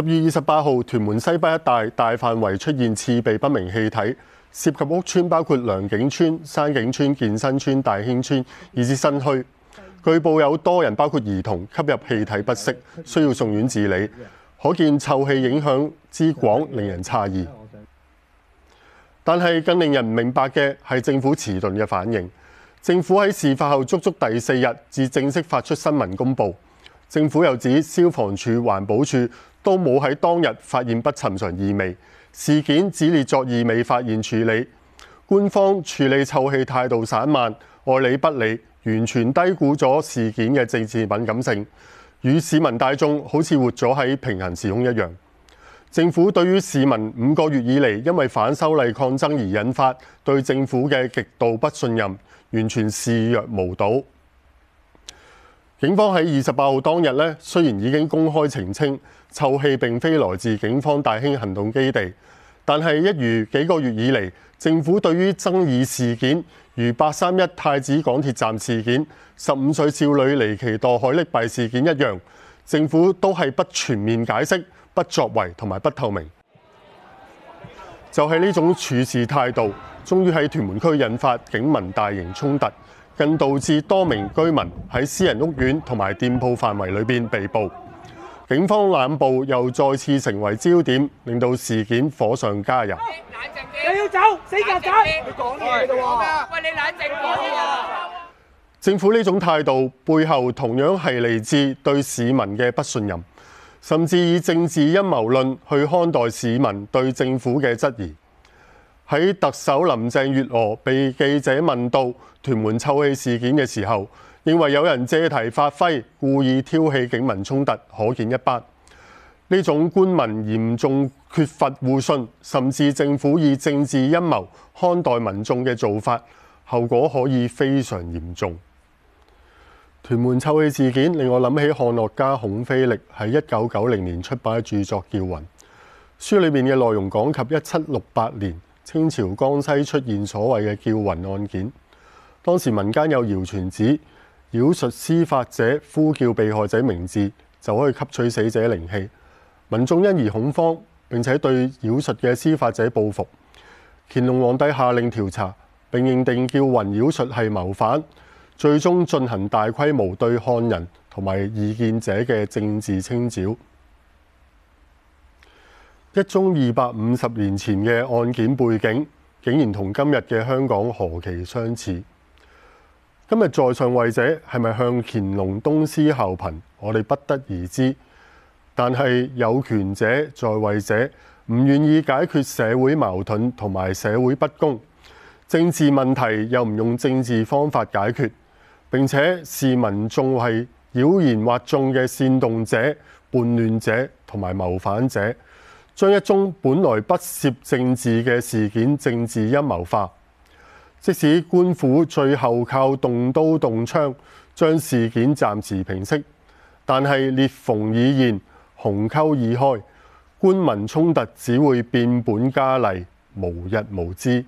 十月二十八號，屯門西北一帶大範圍出現刺鼻不明氣體，涉及屋村包括良景村、山景村、健身村、大興村，以至新墟。據報有多人包括兒童吸入氣體不適，需要送院治理。可見臭氣影響之廣，令人詫異。但係更令人唔明白嘅係政府遲鈍嘅反應。政府喺事發後足足第四日至正式發出新聞公佈。政府又指消防處、環保處都冇喺當日發現不尋常異味，事件只列作異味發現處理。官方處理臭氣態度散漫、愛理不理，完全低估咗事件嘅政治敏感性，與市民大眾好似活咗喺平行時空一樣。政府對於市民五個月以嚟因為反修例抗爭而引發對政府嘅極度不信任，完全視若無睹。警方喺二十八號當日咧，雖然已經公開澄清臭氣並非來自警方大興行動基地，但係一如幾個月以嚟，政府對於爭議事件，如八三一太子港鐵站事件、十五歲少女離奇墮海溺斃事件一樣，政府都係不全面解釋、不作為同埋不透明。就係呢種處事態度，終於喺屯門區引發警民大型衝突。更導致多名居民喺私人屋苑同埋店鋪範圍裏邊被捕，警方濫捕又再次成為焦點，令到事件火上加油。你要走死你講你，政府呢種態度背後同樣係嚟自對市民嘅不信任，甚至以政治陰謀論去看待市民對政府嘅質疑。喺特首林鄭月娥被記者問到屯門臭氣事件嘅時候，認為有人借題發揮，故意挑起警民衝突，可見一斑。呢種官民嚴重缺乏互信，甚至政府以政治陰謀看待民眾嘅做法，後果可以非常嚴重。屯門臭氣事件令我諗起漢學家孔飛力喺一九九零年出版嘅著作《叫魂》，書裏面嘅內容講及一七六八年。清朝江西出現所謂嘅叫魂案件，當時民間有謠傳指妖術施法者呼叫被害者名字就可以吸取死者靈氣，民眾因而恐慌並且對妖術嘅施法者報復。乾隆皇帝下令調查並認定叫魂妖術係謀反，最終進行大規模對漢人同埋異見者嘅政治清剿。一宗二百五十年前嘅案件背景，竟然同今日嘅香港何其相似。今日在上位者係咪向乾隆東施效顰，我哋不得而知。但係有權者在位者唔願意解決社會矛盾同埋社會不公，政治問題又唔用政治方法解決，並且市民仲係妖言惑眾嘅煽動者、叛亂者同埋謀反者。將一宗本來不涉政治嘅事件政治陰謀化，即使官府最後靠動刀動槍將事件暫時平息，但係裂縫已現，鴻溝已開，官民衝突只會變本加厲，無日無之。